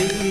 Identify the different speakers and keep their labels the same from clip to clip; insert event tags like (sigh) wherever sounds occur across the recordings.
Speaker 1: Maria.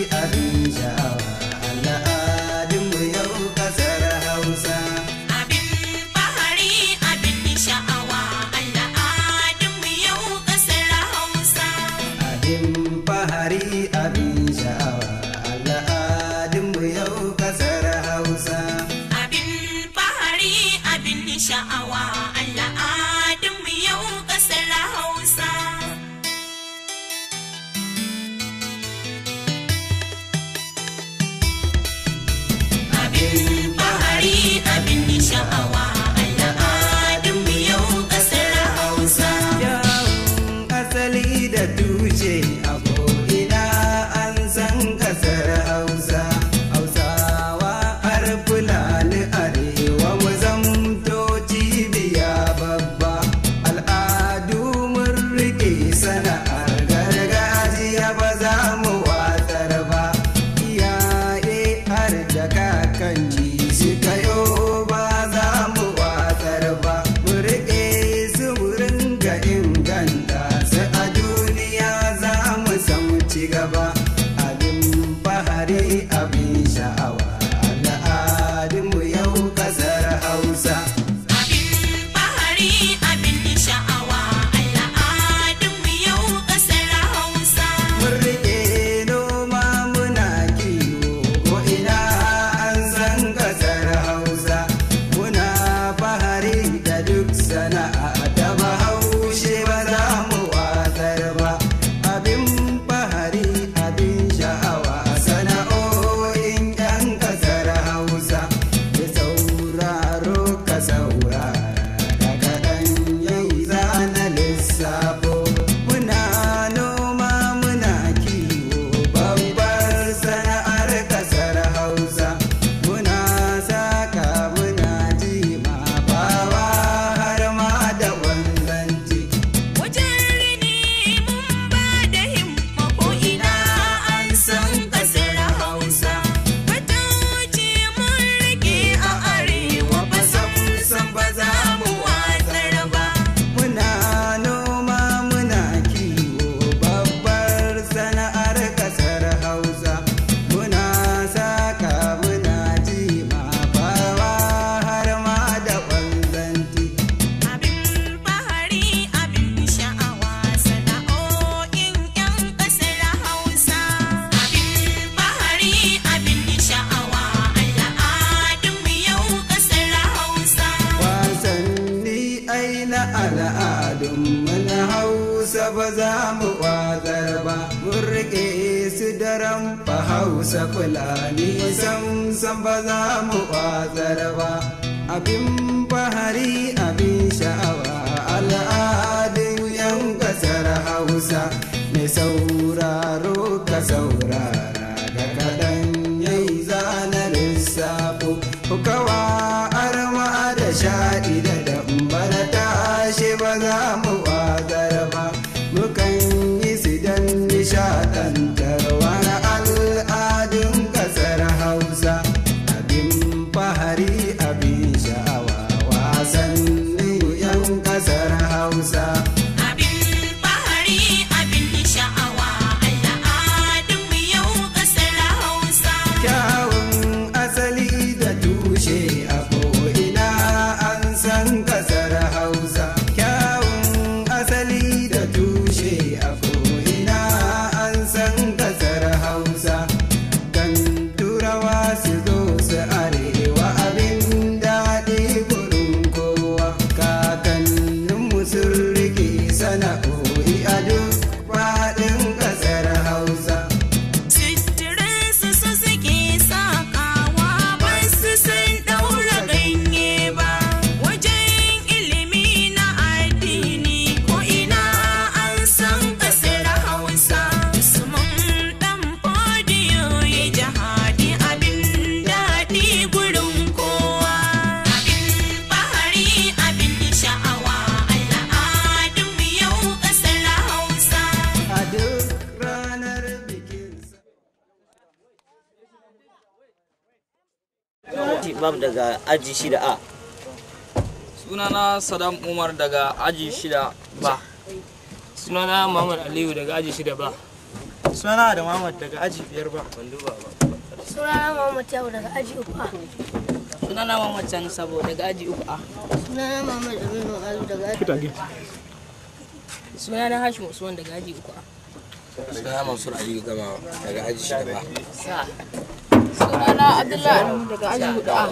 Speaker 1: abin bahari abin sha'awa al'adun yan kasar hausa mai sauraro ka imam daga aji shida a sunana sadam umar daga aji shida ba sunana muhammad aliyu daga aji shida ba sunana da muhammad daga aji biyar ba
Speaker 2: sunana
Speaker 3: muhammad yau daga aji uku a sunana muhammad can sabo daga aji uku a sunana muhammad aminu alu daga aji uku A. sunana hashim usman daga aji uku a
Speaker 1: sunana mansur aliyu gama daga aji shida ba
Speaker 3: sunana abdullahi daga aji hudu a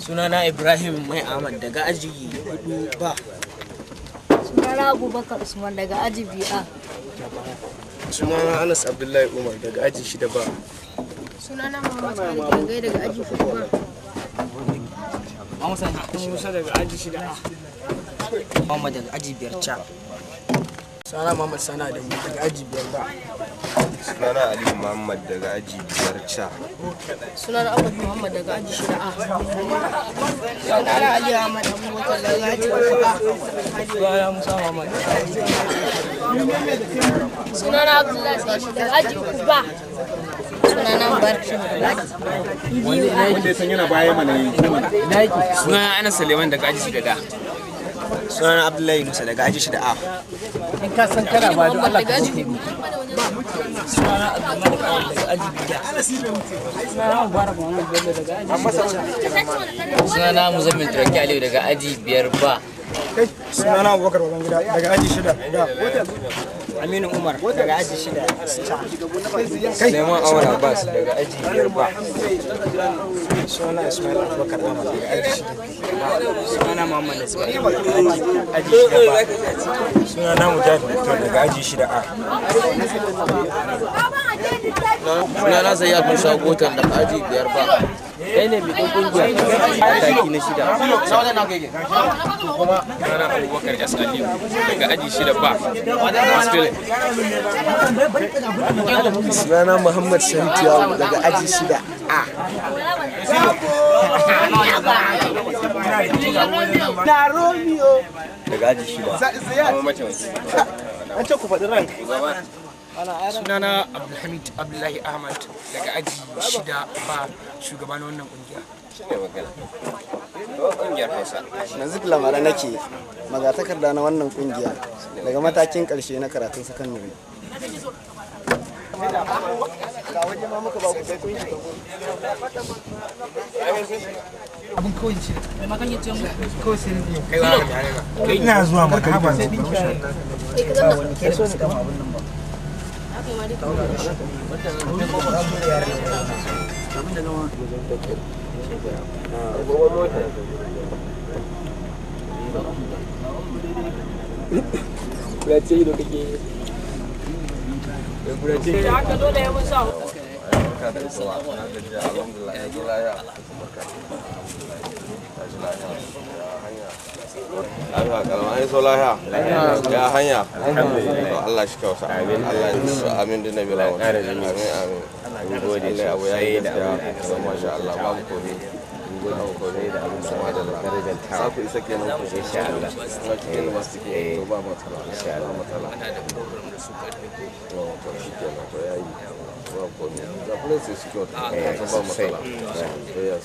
Speaker 1: sunana ibrahim mai ahmad
Speaker 3: daga aji hudu ba sunana abubakar usman daga aji biya
Speaker 4: sunana anas abdullahi umar daga aji shida ba
Speaker 1: sunana muhammad ali gangai daga aji hudu ba
Speaker 4: Musa daga
Speaker 1: aji shida. Muhammad daga aji biyar ca. Sana Muhammad Sana da daga aji biyar ba. Sunana Ali Muhammad daga aji biyar ca.
Speaker 3: Sunana Ahmad Muhammad daga aji shida a.
Speaker 2: Sunana Ali Ahmad Abubakar daga aji uku a. Sunana Musa Muhammad. Sunana Abdullahi daga aji uku
Speaker 3: Sunana Barkin
Speaker 1: Wanda ya san yana baya mana yanzu mana. Sunana Anas Suleiman daga aji shida da. sunan abdullahi musa daga aji shida a
Speaker 3: in ka san kana ba don allah ka sunan abdullahi musa daga aji biya
Speaker 1: mubarak bello daga aji muzammil turaki
Speaker 3: aliyu daga aji biyar ba
Speaker 1: sunana abubakar gida daga aji shida aminu umar daga aji shida sai suleiman awar abbas daga aji biyar
Speaker 3: ba suna ismail abubakar dama daga aji shida suna
Speaker 1: muhammad ismail daga aji shida ba suna na mujahid mutum daga aji shida a suna na sayyad musa gotan daga aji biyar ba
Speaker 5: kai ne mai kungiya mataki na shida
Speaker 1: kuma rana abubakar s aliyu daga aji shida ba sunana muhammad santiyawo daga aji shida a na romeo daga aji shida kuma mace an ce ku faɗi ranka sunana abdulhamid abdullahi ahmad daga aji shida
Speaker 6: ba shugaba na wannan kungiya
Speaker 1: na hausa lamara nake magatakarda na wannan kungiya daga matakin karshe na karatun sakandare abin ina zuwa maka ba
Speaker 2: Belajar hidup lagi. Belajar.
Speaker 1: Jangan dulu lewat sah. Alhamdulillah. Alhamdulillah. lafiya kalama an so lafiya ya hanya to Allah shi kausa Allah ya amin da nabi lawan amin amin Allah abu ya masha Allah babu da abin da darajar ta isa ku insha Allah ke eh, eh. to ba matsala insha Allah matsala to to shi to yayi da security ba matsala mm. yes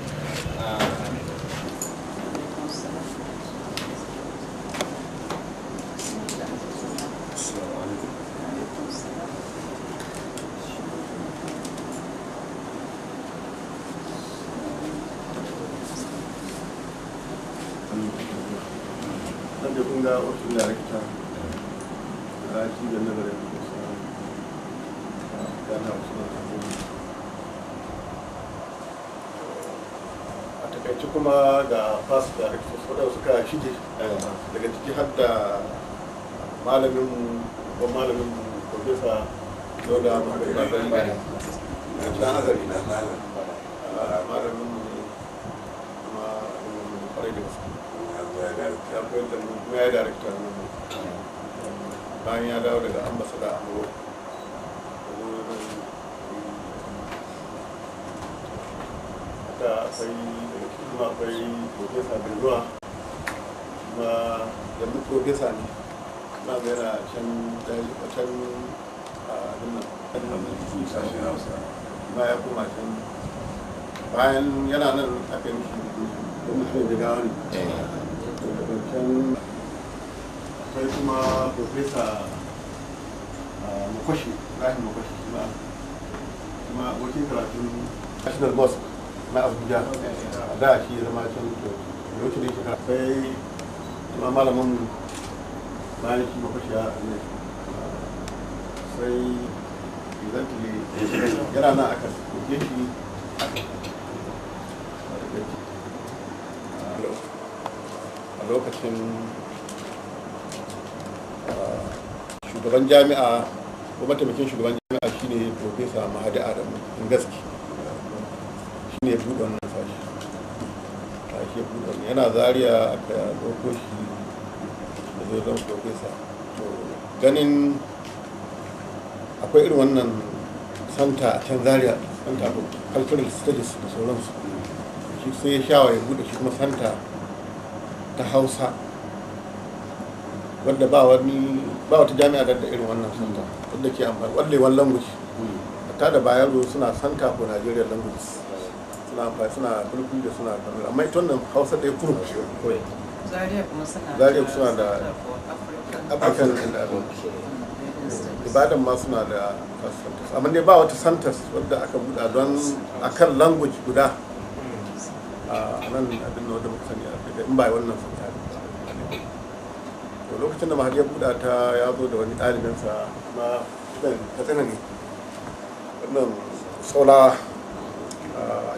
Speaker 4: bayan ya dawo daga ambasada a amurka da akwai daga cikin akwai profesa bezuwa kuma yanzu profesa ne na yana can can a can bayan yana nan aka yi shi shi da akwai kuma profesa ah, makwashi rahim makwashi kuma kuma abokin karatun national mosque na abuja a da shi ya zama can da wuce ne shekara sai kuma malamin maliki makwashi ya ne sai izantili yana nan aka kuke shi a lokacin shugaban jami'a ko mataimakin shugaban jami'a shine profesa mahadi adamu in gaske shine ne buɗe wannan sashi sashi ya buɗe wannan yana zariya aka ɗauko shi da zai zama profesa to ganin akwai irin wannan santa a can zariya santa ko cultural studies da sauransu shi sai ya shawa ya buɗe shi kuma santa ta hausa wadda ba wani ba wata jami'a da irin wannan santa wadda ke amfani yawan language ta da bayan suna santa ko Nigerian language suna amfani suna kurkun da suna kamar amma ita wannan hausa ɗaya kurum
Speaker 1: zariya kuma suna zariya suna da
Speaker 4: african and ibadan ma suna da santas amma ne ba wata santas wadda aka buɗa don kan language guda hmm. a nan abin da wadda muka sani in ba wannan santa. lokacin da mahajiyar ya buɗa ta ya zo da wani ɗalibinsa na ɗan katsina ne wannan saula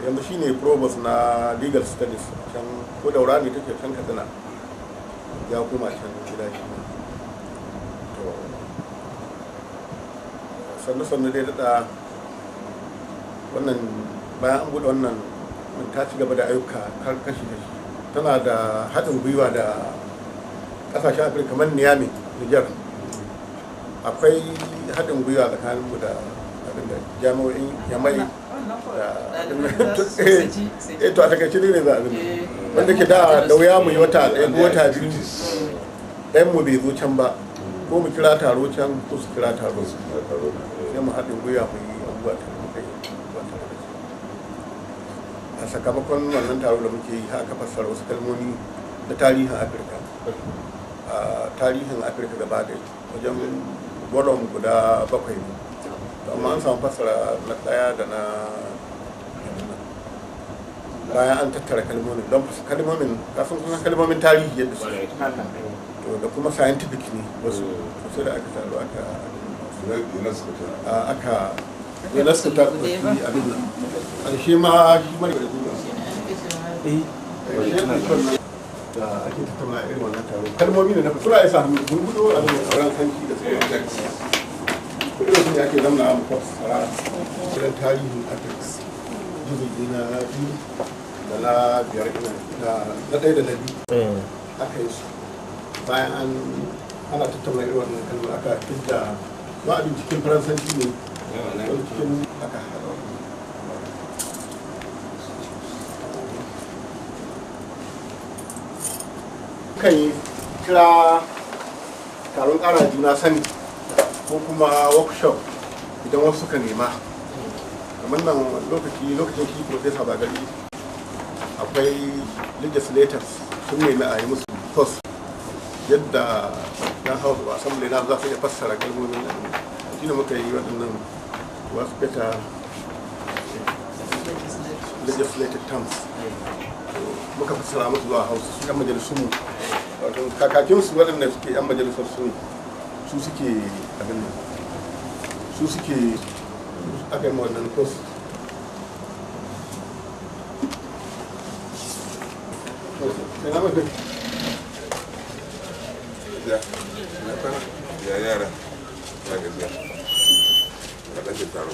Speaker 4: yanzu shi ne probus na legal studies can ko daura ne take can katsina ya koma can gida shi to sannu sannu dai daɗa wannan bayan an buɗe wannan ta ci gaba da ayyuka kashi kashi tana da haɗin gwiwa da kasashen afirka kamar niyami niger akwai haɗin gwiwa tsakanin mu da abin da jami'o'in yamai da (laughs) eh, eh, to a takaice ne za a zama eh,
Speaker 3: wanda ke da da wuya mu yi wata ɗaya ko wata biyu
Speaker 4: ɗayan mu bai zo can ba ko mu kira taro can ko su kira taro sai mu haɗin gwiwa mu yi abubuwa ta a sakamakon wannan taro da muke yi haka fassara wasu kalmomi da tarihin afirka a tarihin afirka gaba da wajen gwadon guda bakwai ne amma an samu fasara na ɗaya da na bayan an tattara kalmomin don kalmomin kasan kusan kalmomin tarihi yadda su to da kuma scientific ne wasu sosai da aka taru aka aka unesco ta ɗauki abin nan ƙarshe ma shi mara da duniya da ake tattauna irin wannan taro kalmomi ne na ya gurgudo a da sauran sanki da sauran sanki kudin sun ake zamna a mafi sarara shirin tarihin atex jirgi na biyu da na biyar ina na ɗaya da na biyu eh. aka yi su bayan an ana tattauna irin wannan kalmar aka ba a faransanci ne cikin yi kira taron ƙara juna sani ko kuma workshop idan wasu suka nema kamar nan lokaci lokacin shi profesa bagari akwai legislators sun nemi a yi musu tos yadda yan hausa ba assembly na za su iya fassara kalmomin nan shi ne muka yi waɗannan wasu beta legislative terms muka fassara musu zuwa hausa su kan majalisun wato kakakinsu waɗanda suke yan majalisar su su suke abin nan su suke aka yi wannan kos
Speaker 6: ya ya ya taro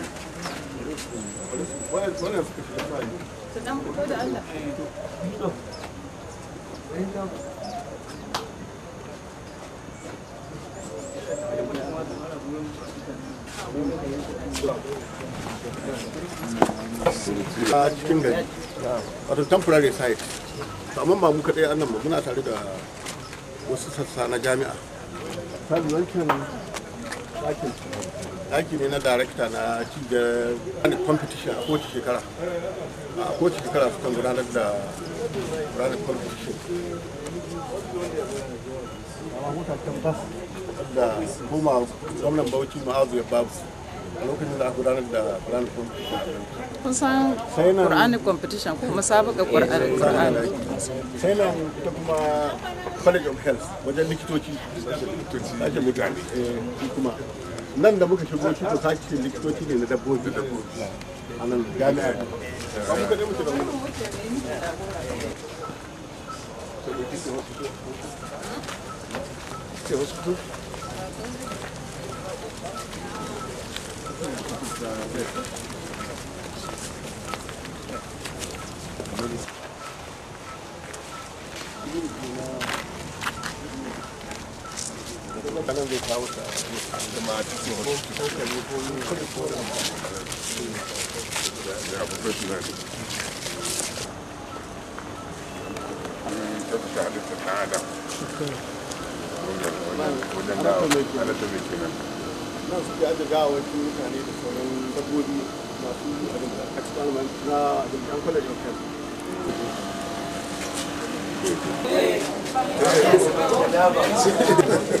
Speaker 3: wannan suka ta da
Speaker 4: a cikin gari wato temporary site amma ba mu kaɗai annan ba muna tare da wasu sassa na jami'a ta ɗakin daki ne na darakta na cikin competition a kowace shekara a kowace shekara sukan gudanar da ranar competition da kuma gwamnan bauchi ma'azu ya babu a lokacin da aka gudanar da Quran competition kun san Quran
Speaker 3: competition ko musabaka Quran eh, Quran sai nan ta kuma
Speaker 4: College of Health wajen likitoci ake mutane eh, kuma nan da bu muka shigo cikin sashi likitoci ne na dabbobi bu nan jami'ar Thank you. kalan zai kawo ta da ma ta so ko ko
Speaker 6: ko ko da na mutane
Speaker 4: da sauran
Speaker 1: dabbobi masu na Thank you.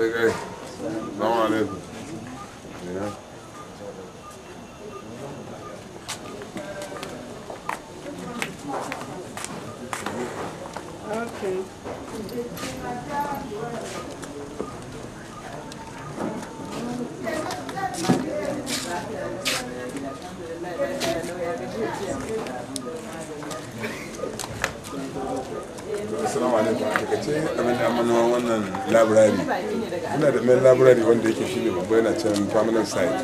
Speaker 1: Okay. assalamu alaikum a takaice abin da amma wannan labirari muna da main
Speaker 6: labirari wanda yake shi ne babba yana can permanent site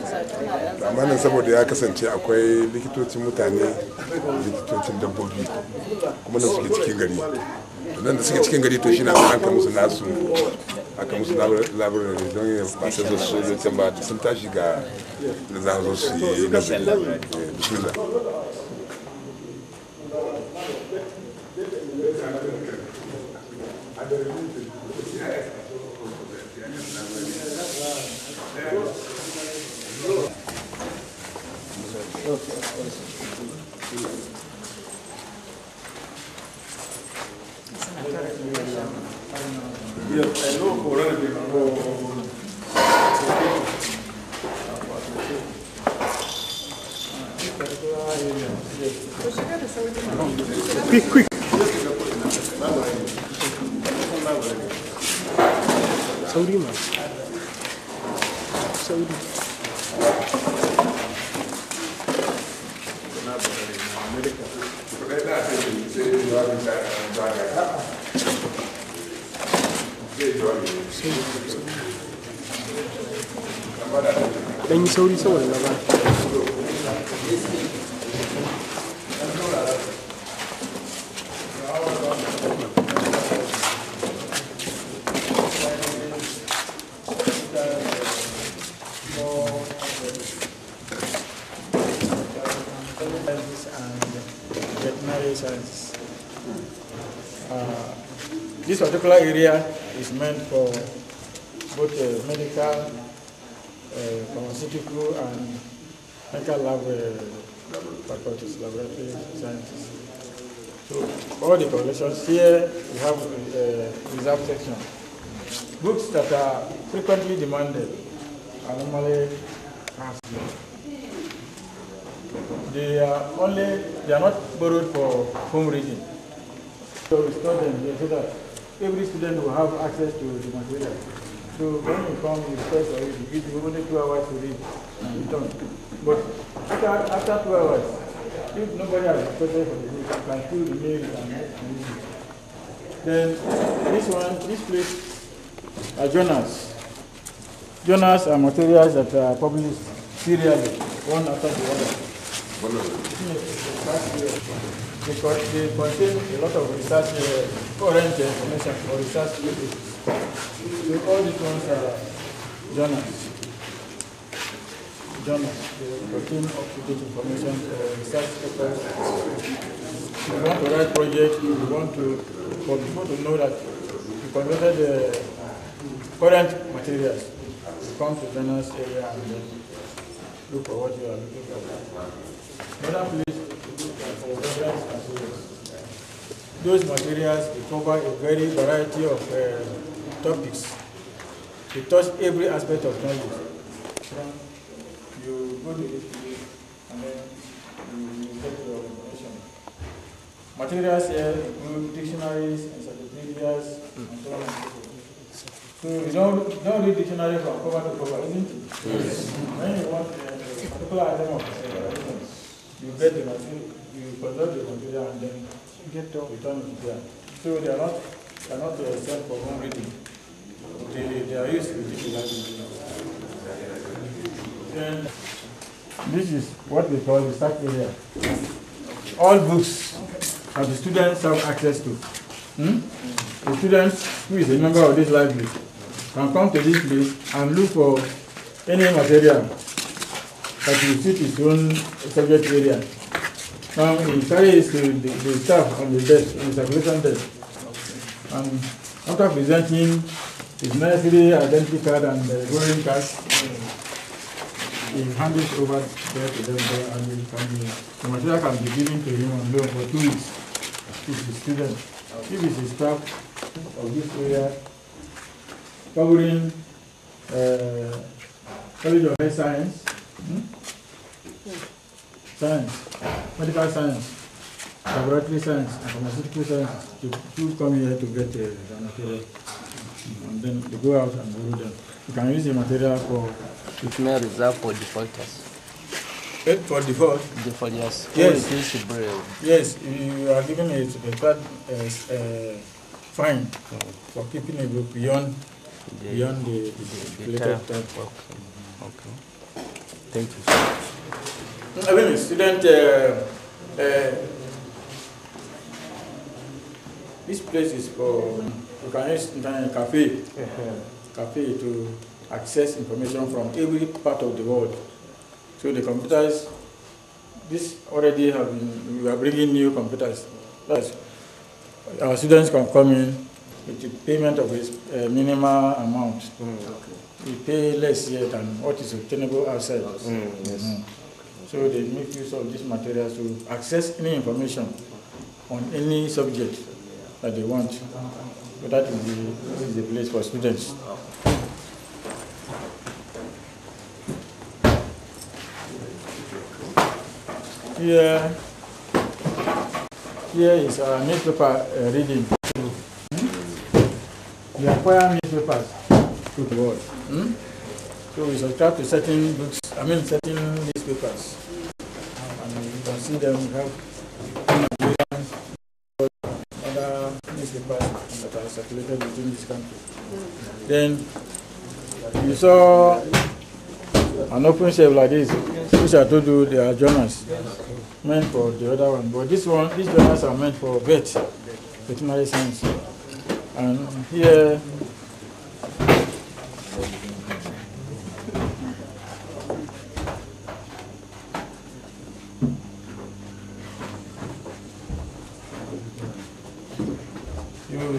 Speaker 1: amma nan saboda
Speaker 6: ya kasance akwai likitocin mutane likitocin dabbobi kuma nan suke cikin gari nan da suke cikin gari to shi na aka musu nasu aka musu labirari don ya ba sai zo su zo can ba sun tashi ga da za su yi
Speaker 4: eh, bismillah
Speaker 5: Uh, this particular area is meant for both uh, medical, uh, pharmaceutical, and medical lab uh, faculties, laboratory sciences. So all the collections here, we have a uh, reserve section. Books that are frequently demanded are normally asked. They are only, they are not borrowed for home reading. So we store them here so that every student will have access to the material. So when you come, you first already give you only two hours to read and return. But after, after two hours, if nobody has requested for the book, you can still remain and read Then this one, this place are uh, journals. Journals are materials that are published serially, one after the other. Because they contain a lot of research, uh, current information for research papers. So all these ones are journals. Journals. They contain up-to-date information for research papers. If you want to write project, you want to, for people to know that you converted the current materials.
Speaker 1: You come to
Speaker 5: journals area and then look for what you are looking for another place to look at for weathers and Those materials cover a very variety of uh, topics. They touch every aspect of knowledge. You go to this place and then you get your information. Materials here include dictionaries, encyclopedias, and so on and so forth. So you don't, don't read dictionary from cover to cover, isn't it? Yes. When you want, uh, people are democracy you get the material, you process the material and then get the return it there. So they are not, cannot uh, sell for home reading. They, they are used to digital language. This is what we call the stack area. All books that the students have access to. Hmm? The students who is a member of this library can come to this place and look for any material but it suits its own subject area. Now he carries the, the, the staff on the desk, on the circulation desk. And after presenting his necessary identity card and the uh, voting card, he hands over there to them there and it can be, the material can be given to him on loan for two weeks. If he's a student, if he's a staff of this area, covering uh, College of Health Science, hmm? science, medical science, laboratory science, and pharmaceutical science, they do come here to get the uh, material. And then you go out and do them. You can use the material for... It may reserve for defaulters. Eh, for default? Default, yes. Yes. Yes, to borrow. yes you are given it a third uh, fine for keeping it beyond the, beyond the, the, the, the time. Okay. Mm-hmm. okay. Thank you mean, student, uh, uh, this place is for, you can use internet cafe, (laughs) cafe to access information from every part of the world. So the computers, this already have been, we are bringing new computers. That's, our students can come in with the payment of a uh, minimal amount. Mm. Okay. We pay less here than what is obtainable outside. Mm, yes. Mm. So they make use of these materials to access any information on any subject that they want. So that is the, is the place for students. Here, here is our newspaper uh, reading. Hmm? We acquire newspapers to the world. Hmm? So we subscribe to certain books, I mean certain newspapers. Um, and you can see them have other newspapers that are circulated within this country. Then you saw an open shape like this, which I told you they are journals meant for the other one. But this one, these journals are meant for vet, veterinary science. And here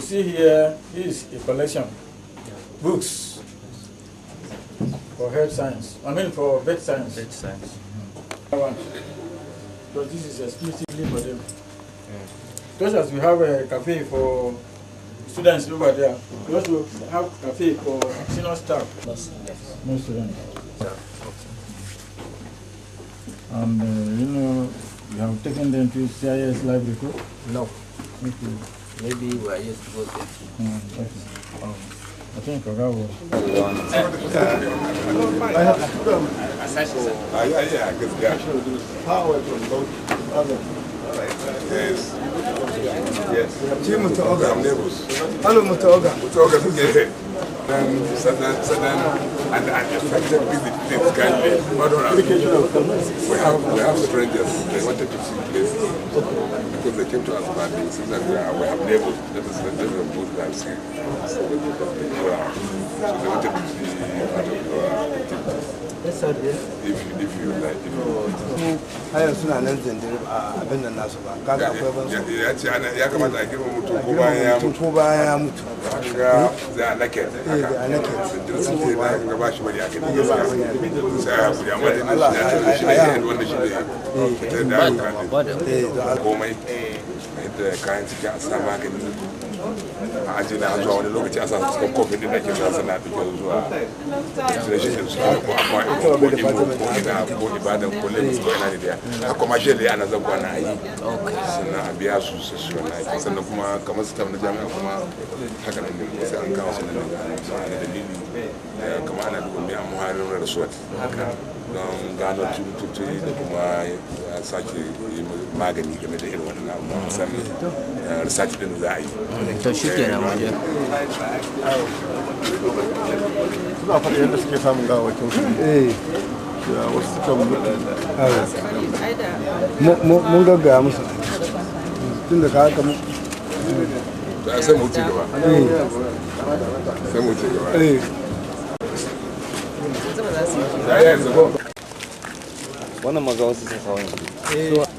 Speaker 5: see here is a collection. Books for health science. I mean for vet science. Vet science. Mm -hmm. Because this is exclusively for them. Yeah. Just as we have a cafe for students over there, we also have cafe for senior staff. Yes. No students. Yeah. And uh, you know, you have taken them to CIS library group? No. Okay. Maybe we are yet to go there. Mm, okay. um, I think uh, uh, i
Speaker 6: I, good guy. Power from both other. Uh, yes. Yes. Chief Mutoga.
Speaker 4: Hello, Mutoga.
Speaker 6: Mutoga, yes. Then, so then, so then, and, and affected things can be. we have we have strangers. They wanted to see places because they came to us badly. So that we, are, we have neighbors. That is the level of both that i So they wanted to see part of har suna nan zindir a abin da nasu ba kaga akwai ban su ya ce ana ya kamata a girma
Speaker 1: mutu ko bayan ya mutu
Speaker 6: ko bayan ya mutu kaga za a nake haka a nake zindir sun ce na ga ba shi bari aka dinga sa sai ya buya amma da Allah ya ce shi ne wanda shi ne ta da komai da kayan cikin a sa magani a aji na zuwa wani lokaci a sa su kan kofin din da ke sa suna da kyau zuwa destination din su ko amma ko ibo ko ina ko ibadan ko lagos ko ina ne da a commercial ana zagwa na ayi sannan a biya su su su wani aiki sannan kuma kamar su na jami'a kuma haka nan ne sai an kawo su nan da dalili eh, kamar ana duba biya muharin rasuwa haka don gano cututtuki da kuma sake magani game da irin wannan abu musamman eh,
Speaker 4: research din za a yi to shi ke na wajen suna faɗi yadda suke samun gawakin su eh. wasu suka mun gaggaya musu tun da ka haka
Speaker 6: sai mu gaba eh. sai mu gaba 来，来，走。
Speaker 1: 我那么高，是是做投影。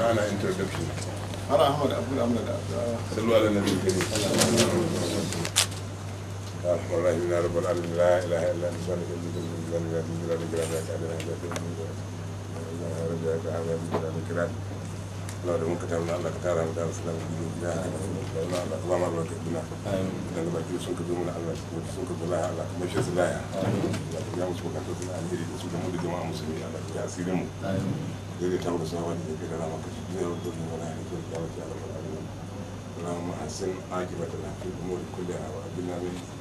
Speaker 6: Ana introduction. Ana Ahmad Abdul Ahmad. Sallu ala Nabi Kareem. الحمد لله إلا رب العالمين لا إله إلا أنت سبحانك إني كنت من الظالمين لا تزيد ذلك علينا إلا في رجعك على من الكرام اللهم لمن كتبنا أنك ترى ودار السلام بجنودنا اللهم لا تهدنا اللهم اجعل سنك دومنا على سنك دومنا على مجلس الله اللهم يا مسلم كنت تسمع الهدي اسمك مولد جماعة مسلمين على يا سيدنا غير تمر سواني غير لا مكتب غير الدنيا ولا يكون يا رب العالمين اللهم حسن عاقبتنا في الأمور كلها وأجلنا من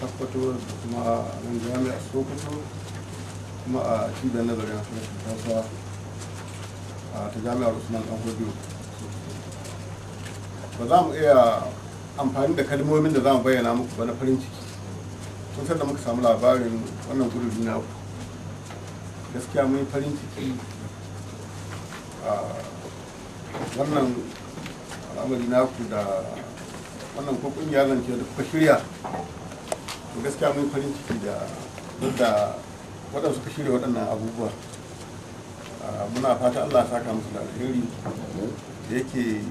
Speaker 4: sakkwato da kuma nan a sokoto kuma a cibiyar nazarin harshen hausa a ta jami'ar usman dan hodiyo ba za mu iya amfani da kalmomin da za mu bayyana muku ba na farin ciki tun sanda muka samu labarin wannan gudubi na gaskiya mun farin ciki a wannan al'amari naku da wannan ko kungiya da kuka shirya gaskiya mun farin ciki da duk da waɗanda suka shirya waɗannan abubuwa ah, muna fata allah ya saka musu da alheri da yake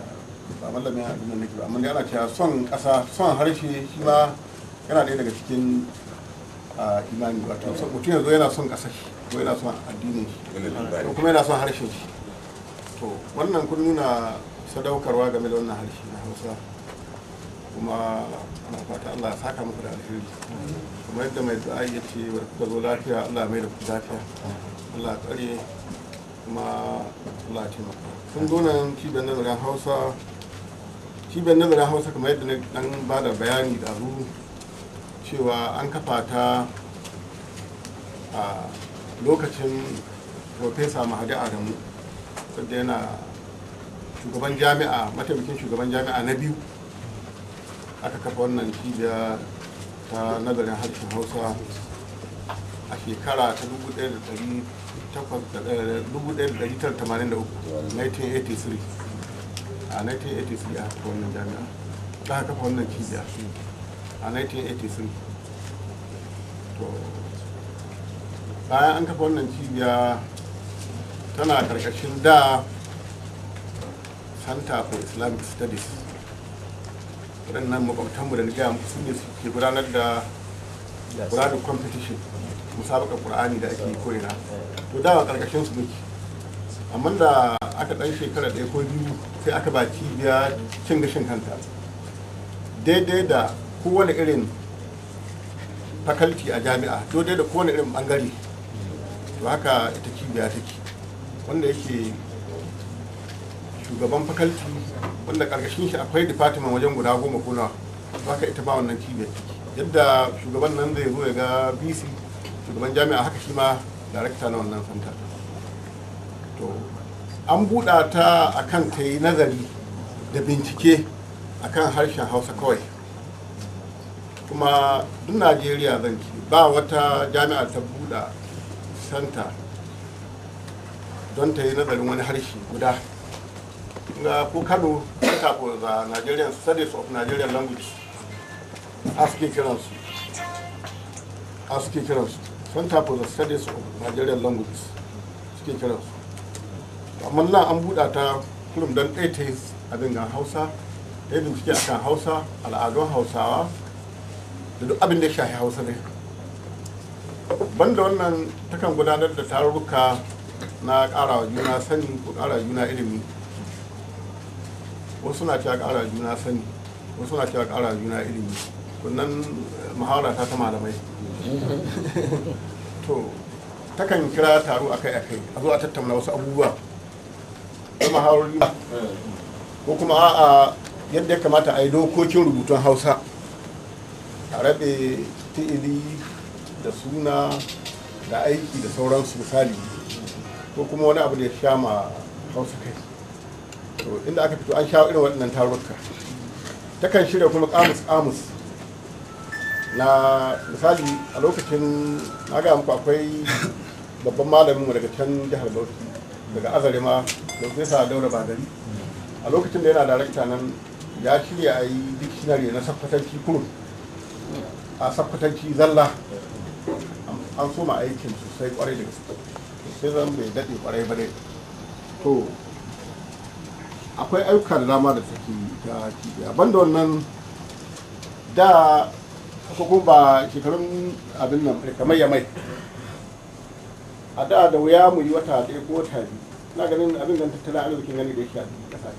Speaker 4: ah, ba mallami a abin da nake ba amma da ana cewa son ƙasa son harshe shi ma yana ɗaya daga cikin ah, imani wato mutum yanzu yana son ƙasa shi ko yana son addinin shi ko kuma yana son harshen shi to wannan kun nuna sadaukarwa game da wannan harshe na hausa kuma fata Allah ya yadda mai du'a ya ce zo lafiya Allah mai ku lafiya Allah kuma Allah sun zo nan cibiyar nazarin Hausa cibiyar nazarin Hausa kamar yadda na dan ba da bayani da ru cewa an kafa ta a lokacin Profesa Mahadi Adamu wadda yana shugaban jami'a mataimakin shugaban jami'a na biyu aka kafa wannan cibiya ta nazarin harshen hausa a shekara ta 1983 1983 a 1983 a kafa wannan jami'a ta kafa wannan cibiya a 1983 to bayan an kafa wannan cibiya tana karkashin da center for islamic studies waɗannan makwabtanmu da na gaya muku su ke gudanar da da competition musabakar Qur'ani da ake koyina to da karkashin su muke amma da aka ɗan shekara ɗaya ko biyu sai aka ba cibiya cin gashin kanta daidai da kowane irin fakalti a jami'a daidai da kowane irin bangare to haka ita cibiya take wanda yake shugaban fakalti wanda karkashin shi akwai department wajen guda goma kuna haka ita ba wannan cibiyar yadda shugaban nan zai zo ya ga bc shugaban jami'a haka shi ma darakta na wannan santa to an buɗa ta akan ta yi nazari da bincike akan harshen hausa kawai kuma duk najeriya zan ce ba wata jami'a ta buɗa santa don ta yi nazarin wani harshe guda ko kano center for nigerian studies of nigerian language a suke aske kiransu center for the studies of nigerian Language, suke kiransu amma nan an buɗa ta kurum don ɗaya ta yi abin gan hausa ta yi bincike a kan hausa al'adun hausawa da duk abin da ya shahi hausa ne banda wannan takan gudanar da tarurruka na ƙarawa juna sani ko ƙarawa juna ilimi wasu na cewa ƙara juna sani wasu na cewa ƙara juna ilimi wannan eh, mahaura ta ta malamai (laughs) to takan kira taro akai akai a zo a tattauna wasu abubuwa ta muhawarori ko kuma a yadda ya kamata a yi dokokin rubutun hausa a rabe fi'ili da suna da aiki da sauransu misali ko kuma wani abu da ya sha ma hausa kai inda aka fito an sha irin waɗannan tarurruka takan shirya kuma kamus kamus na misali a lokacin na ga muku akwai babban malaminmu daga can jihar bauchi daga azare ma da sa daura gari a lokacin da yana darakta nan ya shirya a yi dictionary na sakwatanci kurum a sakwatanci zalla an soma aikin sosai kwarai da gaske sai zan bai daɗe kwarai ba dai to akwai ayyuka da dama da take ta cibiya banda wannan da ko ba shekarun abin nan kamar mai. a da da wuya mu yi wata ɗaya ko wata biyu na ganin abin nan tattalin arzikin gani da yake a ƙasa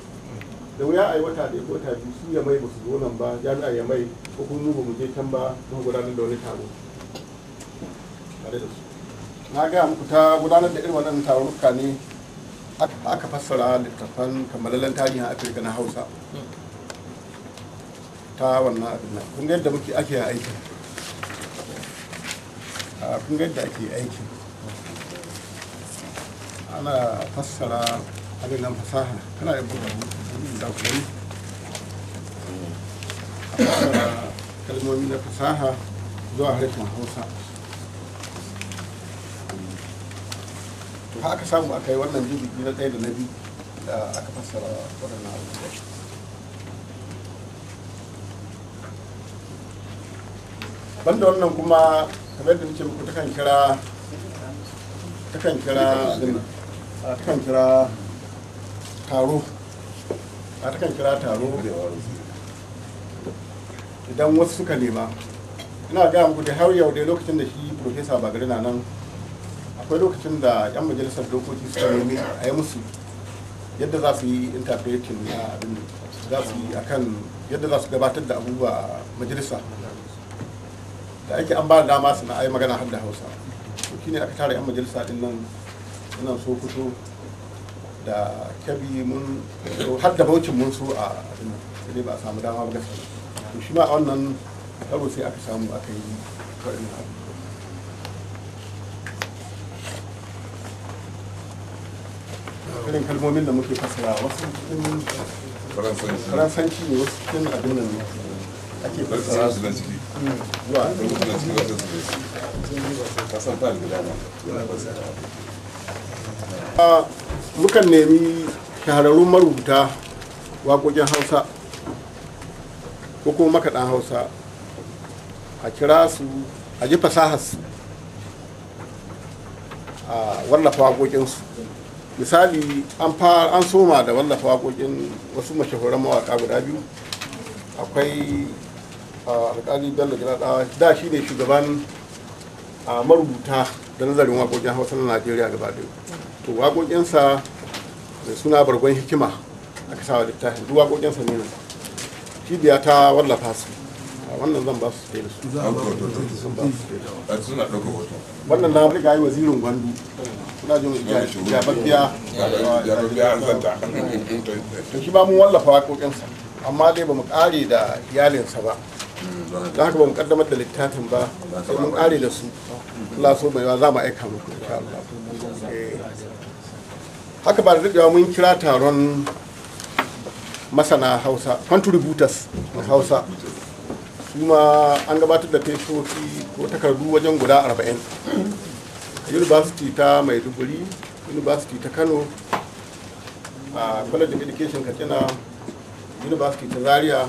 Speaker 4: da wuya a yi wata ɗaya ko wata biyu su ya mai ba su zo nan ba ya mai, ko kuma ba mu je can ba don gudanar da wani taro tare da su na ga muku ta gudanar da irin wannan tarurruka ne aka fassara littattafan kammalallen tarihin afirka na hausa ta wannan abin nan kun yadda muke ake aiki kun yadda ake aiki ana fassara abin nan fasaha kana yi buga da kuma a fassara kalmomi na fasaha zuwa harshen hausa to haka samu aka yi wannan jirgi na ɗaya da na biyu da aka fassara waɗannan abubuwa banda wannan kuma kamar da muke muku kan kira kan kira kan kira taro a kan kira taro idan wasu suka nema ina gaya muku da har yau dai lokacin da shi profesa bagari na nan akwai lokacin da 'yan majalisar dokoki suka nemi a yi musu yadda za su yi interpretin na abin za su yi akan yadda za su gabatar da abubuwa a majalisa da ake an ba da dama su na ayi magana har da hausa to shine aka tara 'yan majalisa din nan ina so fito da kabi mun har da baucin mun so a abin sai ba a samu dama ba gaskiya to shi ma a wannan karo sai aka samu aka yi waɗannan abin
Speaker 1: irin kalmomin da muke fasara wasu cikin faransanci
Speaker 4: ne wasu cikin abin nan ake fasara zuwa na ciki wasu su kasan gida na mukan nemi shahararrun marubuta waƙoƙin hausa ko kuma makaɗan hausa a kira su a ji fasaharsu a wallafa waƙoƙinsu misali an fara an soma da wallafa waƙoƙin wasu mashahuran mawaƙa guda biyu akwai alƙali bello jiraɗa da shi ne shugaban marubuta da nazarin waƙoƙin hausa na najeriya gaba ɗaya to waƙoƙinsa mai suna bargon hikima aka sa littafin duk waƙoƙinsa ne shi biya ta wallafa su wannan zan ba su da su suna ɗauka hoto wannan na riga yi wazirin gwandu suna jin jababbiya jababbiya an zanta to shi ba mun wallafa waƙoƙinsa amma dai ba mu ƙare da iyalinsa ba don haka ba mu kaddamar da littafin ba sai mun ƙare da su Allah so baiwa za mu aika muku insha Allah eh, haka ba da daɗewa mun kira taron masana hausa contributors hausa kuma an gabatar da taifofi ko takardu wajen guda 40 university ta maiduguri university ta kano a college of education katsina university ta zaria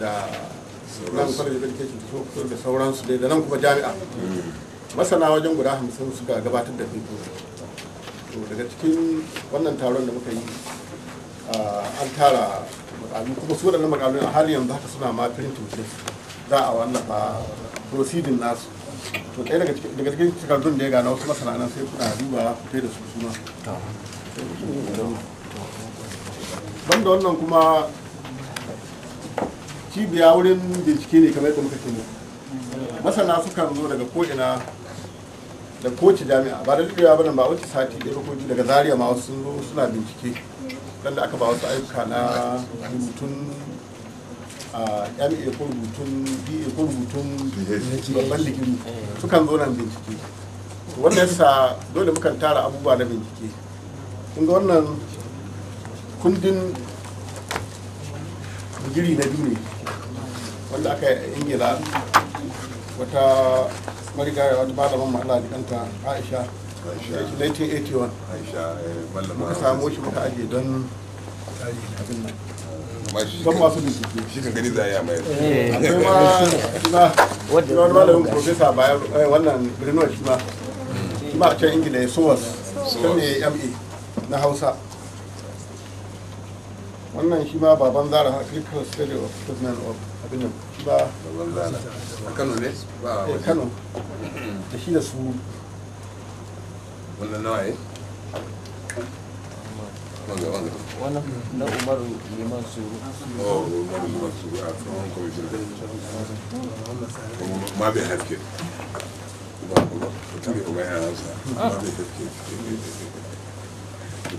Speaker 4: da sauran college of education ta sauransu dai da nan kuma jami'a masana wajen guda 50 suka gabatar da taifofi daga cikin wannan taron da muka yi an tara makalu kuma su waɗannan makalu a hali yanzu haka suna ma printing press za a wannan ba proceeding nasu to ɗaya daga cikin takardun da ya gano wasu nan sai kuna duba ku kai da su suna ban da wannan kuma cibiya wurin bincike ne kamar yadda muka ce ne masana sukan zo daga ko'ina da koci jami'a ba da duk ba nan ba wacce sati ɗaya ba daga zaria ma wasu sun zo suna bincike waɗanda aka ba wasu ayyuka na rubutun ma ko rubutun ba ko rubutun babban digiri eh. sukan zo nan bincike wannan yasa dole mukan tara abubuwa na bincike kun ga wannan kundin giri na biyu ne wanda aka ingila wata marigaya wata ba malaman ma'ala da kanta aisha 1981 Aisha. Eh, samu shi muka ajiye don don masu bincike shi gani a can ingila ya sowas ma na hausa wannan shi ma baban zara study of of abin nan shi ba kano ne eh, kano da shi da su
Speaker 6: wannan nawa ne wannan na umaru liman suru oh umaru liman suru a tsohon kwamishin ma bai hafke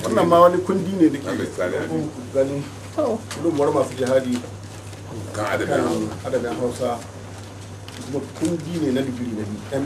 Speaker 4: wannan ma wani kundi ne da ke ganin gudunmuwar masu jihadi kan adabin hausa kuma kundi ne na digiri na ma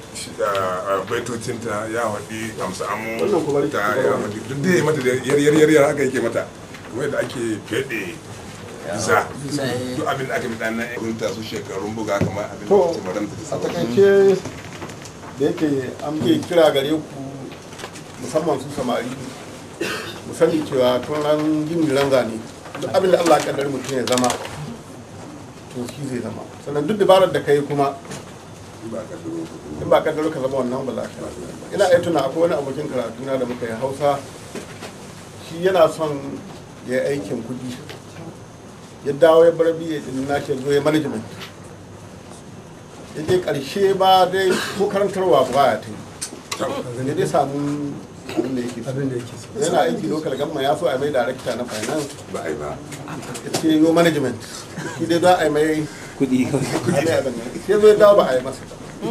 Speaker 6: baitocinta ya haɗi amsa amu ta ya haɗi duk da ya mata da yaryar haka yake mata kuma yadda ake fede za eh. duk abin da aka bi ɗan nan su shekarun buga kamar abin da ta maranta ta sama. a takaice
Speaker 4: da yake an bai kira gare ku musamman su samari mu sani cewa tun ran gini ran zane duk abin da Allah ya kaddar mutum ya zama to shi zai zama sannan duk dabarar da kai kuma in ba kaddaro ka zama wannan ba lafiya ina iya tuna akwai wani abokin karatu na da muka yi hausa shi yana son ya yi aikin kudi ya dawo ya bar biye din na ce zo ya management ya je karshe ba dai ko karantarwa ba ya ta yi ya dai samu abin da yake so yana aiki local gamma ya so a mai director na finance ba ai ba ya ce yo management shi dai za a mai kuɗi ya (laughs) zo ya dawo ba a yi masa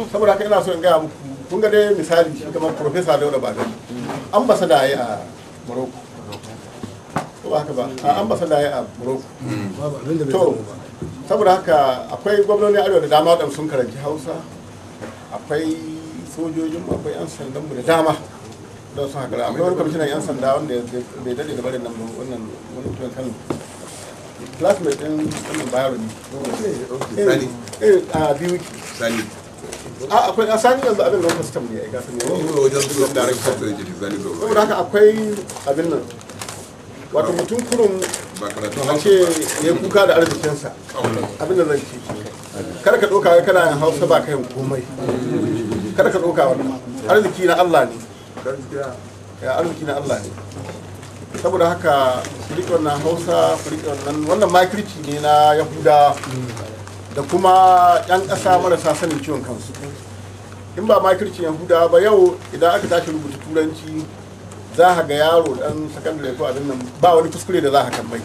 Speaker 4: saboda haka ina so in gaya muku kun ga dai misali shi kamar profesa dauda badan ambasada yi a morocco ko ba haka ba a ambasada yi a morocco to saboda haka akwai gwamnoni arewa da dama waɗanda sun karanci hausa akwai sojojin akwai yan sandan mu da dama don sun haka akwai wani kwamishinan yan sanda wanda bai daɗe da barin nan wannan wani tuwon kano classmate din wannan bayaro ne eh a eh, ah, biyu sani a ah, akwai a ah, sani yanzu abin nan custom ne ai ga sani ne oh, oh, wajen zuwa direct custom ne sani zo saboda haka akwai abin nan wato mutum kurum
Speaker 6: a ce ya kuka
Speaker 4: da arzikinsa abin da zan ci kada ka ɗauka kana yin hausa ba ka kayan komai kada ka ɗauka wani arziki na Allah ne arziki na Allah ne saboda haka firiki wannan hausa firiki wannan wannan makirci ne na yahuda da kuma yan ƙasa marasa sanin ciwon kansu in ba makirci yahuda ba yau idan aka tashi rubuta turanci za ka ga yaro dan sakandare ko abin nan ba wani kuskure da za ka kan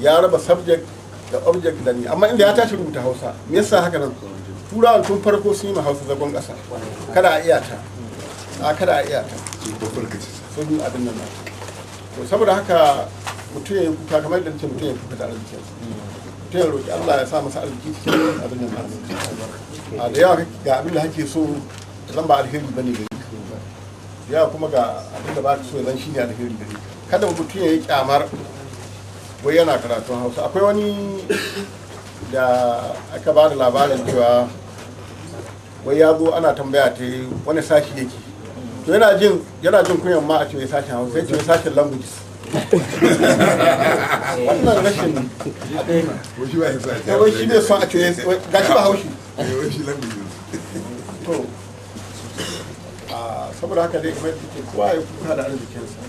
Speaker 4: ya raba subject da object da ni amma inda ya tashi rubuta hausa me yasa haka nan turawan tun farko sun yi ma hausa zagon ƙasa kada a iyata a kada a iyata sun yi abin nan to saboda haka mutum ya yi kuka kamar idan ce mutum ya kuka da arziki
Speaker 5: mutum
Speaker 4: ya roƙi Allah ya sa masa arziki cikin abin da a da yawa ga abin da kake so zan ba alheri bane gare ka yawa kuma ga abin da ba ka so zan shi ne alheri gare ka kada mutum ya yi kyamar wai yana karatun Hausa akwai wani da aka ba da labarin cewa wai ya zo ana tambaya ta wani sashi yake to yana jin yana jin kunyan ma a ce sashen hausa ya ce sashen languages
Speaker 1: wannan rashin
Speaker 4: shi ne son a ce ga shi ba haushi to saboda haka dai kamar kowa ya kuka da arzikinsa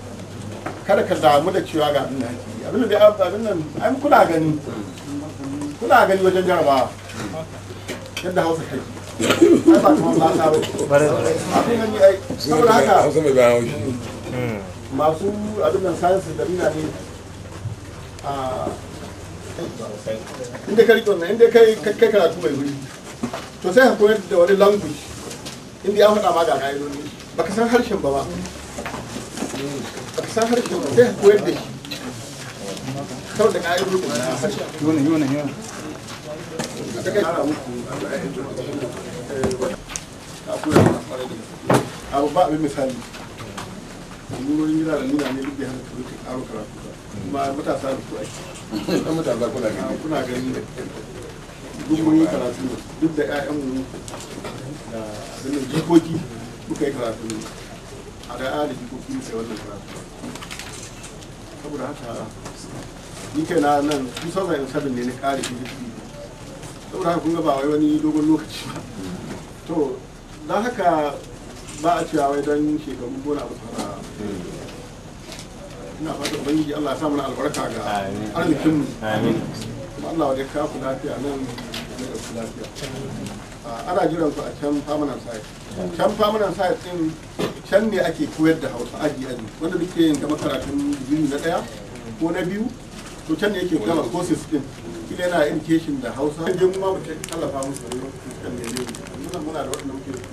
Speaker 4: kada ka damu da cewa ga abin da abin da abin nan ai kuna gani kuna gani wajen jarabawa yadda hausa take ba masu abin nan sayan su ne a inda ka rike wannan inda kai kai karatu mai wuri to sai ka koyar da wani language inda ya faɗa ma ga ƙa'idodi baka san harshen ba ba baka san harshen ba sai ka koyar da shi saboda ƙa'idodi ba harshen
Speaker 5: yona yona
Speaker 4: na koya na fara da abu ba abin misali
Speaker 6: murorin gida da nuna ne duk da hana kawai ka karo kuma matasa da su ake matasa
Speaker 4: kuna gani ah, kuna gani duk mun yi karatu ne duk da ƴaƴanmu da abin jikoki muka yi karatu ne a da ƴaƴa da jikoki muka yi wannan karatu saboda haka ni kai na nan sabin ne na ƙare saboda haka kun ga ba wai wani dogon lokaci ba to don haka ba a cewa wai don shekaru gona abu fara ina fatan ubangiji Allah ya samu albarka ga arzikin mu kuma Allah wadai ka ku lafiya nan ne da ku lafiya ana jiran ku a can permanent site can permanent site din can ne ake koyar da Hausa aji aji wanda duke yin gama karatun digiri na daya ko na biyu to can ne yake gama courses din Ina yana education da Hausa je mu ma mu tallafa musu kan ne ne muna da waɗanda muke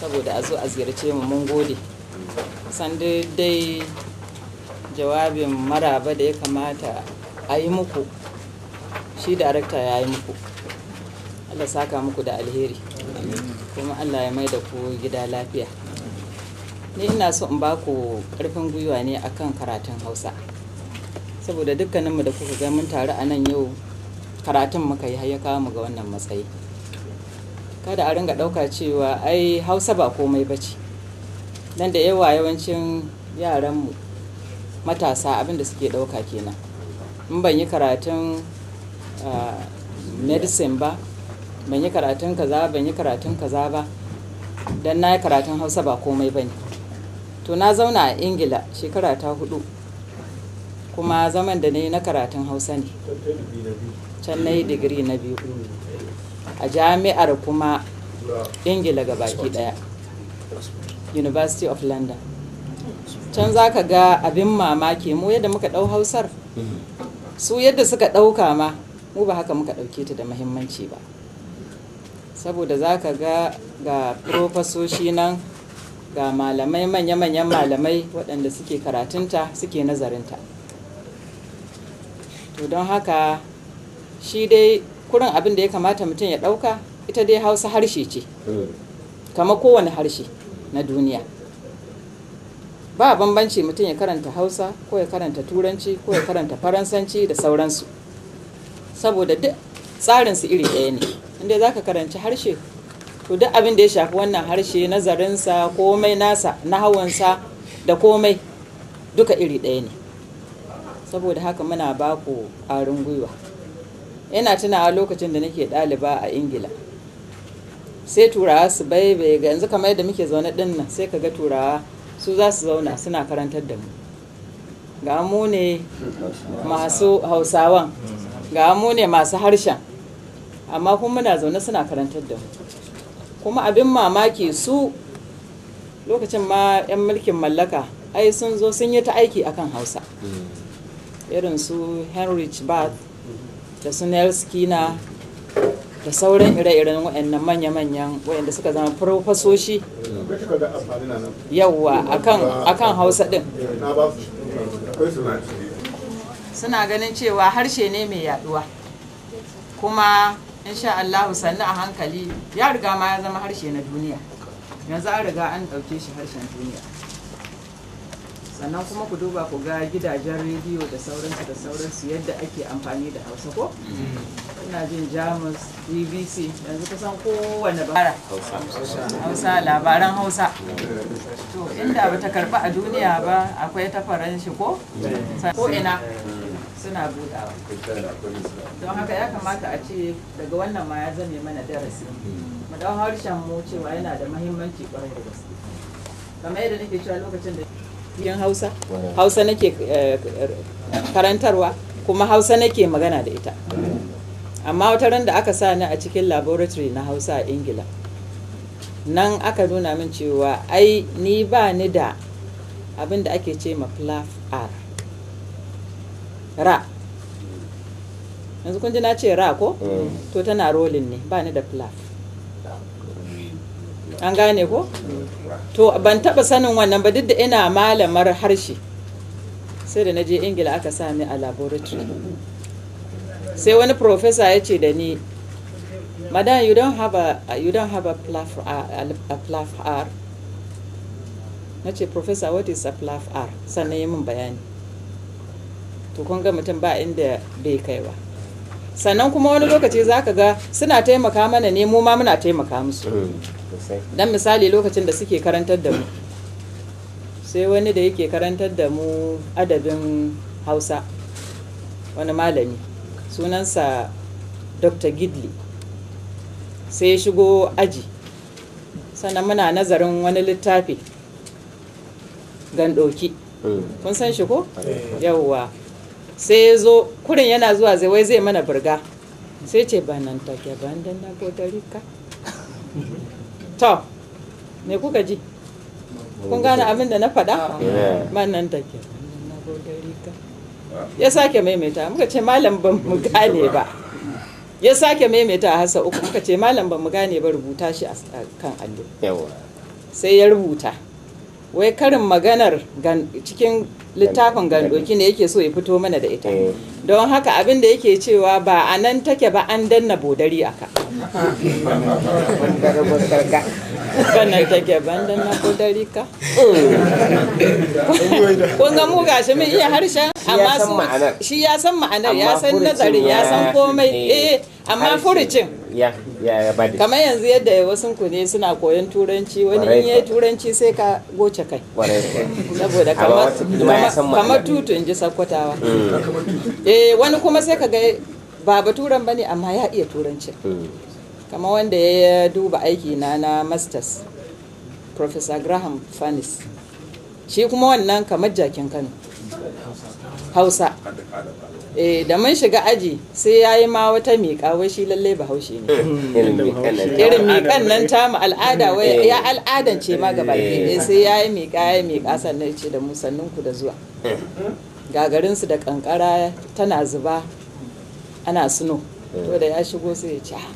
Speaker 3: saboda a zo a ziyarce mu mun gode kusan dai jawabin maraba da ya kamata a yi muku shi darakta ya yi muku allah saka muku da alheri kuma allah ya mai da ku gida lafiya ni ina so in ba ku karfin gwiwa ne akan karatun hausa saboda dukkaninmu da kuka ga mun taru a nan yau karatun muka yi hayyaka mu ga wannan matsayi kada a ringa ɗauka cewa ai hausa ba komai ba ce nan da yawa yawancin yaranmu matasa abin da suke ɗauka kenan in ban yi karatun medicine ba ban yi karatun kaza ban yi karatun kaza ba don na yi karatun hausa ba komai ba ne to na zauna a ingila shekara ta hudu kuma zaman da na yi na karatun hausa ne can na yi digiri na biyu a jami'ar kuma ingila ga baki daya university of london can za ka ga abin mamaki mu yadda muka ɗau hausar mm-hmm. su yadda suka ɗauka ma mu ba haka muka ɗauke ta da mahimmanci ba saboda za ka ga ga profesoshi nan ga malamai manya-manyan malamai waɗanda suke karatunta suke nazarinta to don haka shi dai kurin abin da ya kamata mutum ya ɗauka ita dai hausa harshe ce kama kowane harshe na duniya ba bambanci mutum ya karanta hausa ko ya karanta turanci ko ya karanta faransanci da sauransu saboda duk tsarinsu iri ɗaya ne inda za ka karanci harshe to duk abin da ya shafi wannan harshe nazarinsa komai nasa na hawansa da komai duka iri ɗaya ne saboda haka muna baku ƙarin gwiwa ina tunawa lokacin da nake ɗaliba a ingila sai turawa su bai bai ga yanzu kamar yadda muke zaune din nan sai ka ga turawa su za su zauna suna karantar da mu ga mu ne masu hausawan ga mu ne masu harshen amma kuma muna zaune suna karantar da mu kuma abin mamaki su lokacin ma 'yan mulkin mallaka ai sun zo sun yi ta aiki akan hausa hmm. irin su henry bath da su nelskina da sauran ire-iren waɗannan manya-manyan waɗanda suka zama farfasoshi yawwa akan hausa ɗin suna ganin cewa harshe ne mai yaduwa kuma insha Allahu sannu a hankali ya riga ma ya zama harshe na duniya yanzu an riga an ɗauke shi harshen duniya sannan kuma ku duba ku ga gidajen rediyo da sauransu da sauransu yadda ake amfani da hausa ko ina jin jamus bbc yanzu kusan kowane bara hausa labaran hausa to inda ba ta karba a duniya ba akwai ta faranshi ko ko ina suna budawa don haka ya kamata a ce daga wannan ma ya zame mana darasi mu dan harshen mu cewa yana da mahimmanci kwarai da gaske kamar yadda nake cewa lokacin da yan hausa hausa nake eh, karantarwa kuma hausa nake magana da ita amma wata ran da aka sa ni a cikin laboratory na hausa a ingila nan aka nuna min cewa ai ni ba ni da abin da ake ce ma plaf r ra yanzu kun ji na ce ra ko mm. to tana rolin ne ba ni da plaf an gane ko to ban taba sanin wannan ba duk da ina malamar harshe sai da na je ingila aka sami a laboratory sai wani professor ya ce da ni madam you don't have a you don't have a plaf a plaf r na ce professor what is a plaf r sannan yi min bayani to kun ga mutum ba inda bai kaiwa sannan kuma wani lokaci za ka ga suna taimaka mana ne mu ma muna taimaka musu eh. dan misali lokacin da suke karantar da mu sai wani da yake karantar da mu adabin hausa wani malami sunansa dr gidley sai ya shigo aji sannan muna nazarin wani littafi gandoki hmm. kun san shi ko eh. yawwa sai ya zo kurin yana zuwa zai wai zai mana burga sai ce ba nan take ban na godari ka (laughs) to me kuka ji kun gane abin da na faɗa manan take ya sake maimaita muka ce malam ban mu gane ba ya sake maimaita a hasa uku muka ce malam ban mu gane ba rubuta shi a kan allo sai ya rubuta wai karin maganar cikin littafin gandoki ne yake so ya fito mana da ita eh. don haka abin da yake cewa ba a nan take ba an danna bodari a ka nan take ban danna bodari ka kun ga mu gashi mun iya harshen amma shi ya san ma'anar ya san nazarin ya san komai eh amma furucin
Speaker 2: ya ya kamar
Speaker 3: yanzu yadda wasu ku ne suna koyon turanci wani in yayi turanci sai ka goce kai saboda kamar tutu in ji sakkwatawa
Speaker 1: hmm.
Speaker 3: eh wani kuma sai ka ga ba baturan bane amma ya iya turanci hmm. kamar wanda ya duba aiki na na masters professor graham fanis shi kuma wannan kamar jakin kano hausa eh da mun shiga aji sai yayi ma wata miƙa wai shi lallai bahaushe ne eh, irin miƙan nan ta mu al'ada wai eh. ya ce ma gaba ɗaya eh. sai ya yi miƙa ya miƙa sannan ce da mu sannun ku da zuwa gagarinsu da kankara tana zuba ana suno to da ya shigo sai ya ce ah,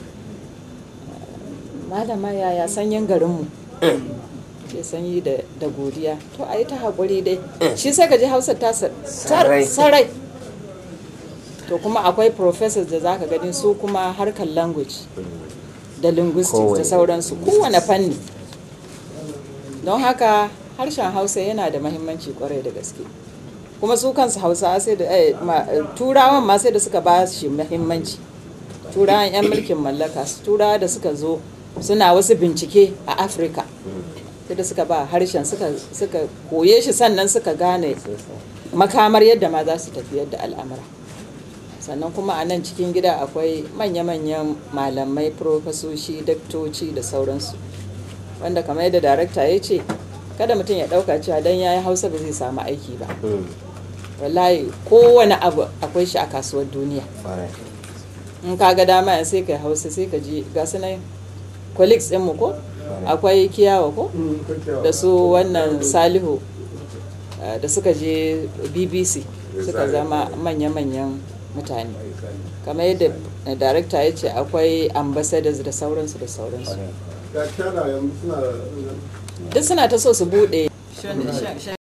Speaker 3: malama yaya sanyin garin mu. ke sanyi da godiya to a yi ta haƙuri dai shi sai ka ji hausa ta sarai to kuma akwai professors da zaka gani su kuma harkar language da linguistics da sauransu kowane fanni don haka harshen hausa yana da mahimmanci kwarai da gaske kuma su kansu hausa sai da eh, turawan ma sai da suka ba shi mahimmanci turawan 'yan mulkin mallaka turawa da suka zo suna wasu bincike a afirka sai da suka ba harshen suka koye shi sannan suka gane makamar yadda ma za su tafi yadda al'amura sannan kuma a nan cikin gida akwai manya-manyan malamai profesoshi daktoci da sauransu wanda kamar yadda darakta ya ce kada mutum ya ɗauka cewa don ya yi hausa ba zai samu aiki ba wallahi kowane abu akwai shi a kasuwar duniya in ka ga dama sai ka hausa sai ka ji gasu nan colleagues ɗinmu ko akwai kiyawa ko mm, da su wannan salihu eh, da suka je bbc suka zama manya-manyan mutane kamar yadda darakta ya ce akwai ambassadors da sauransu da sauransu duk suna ta so su bude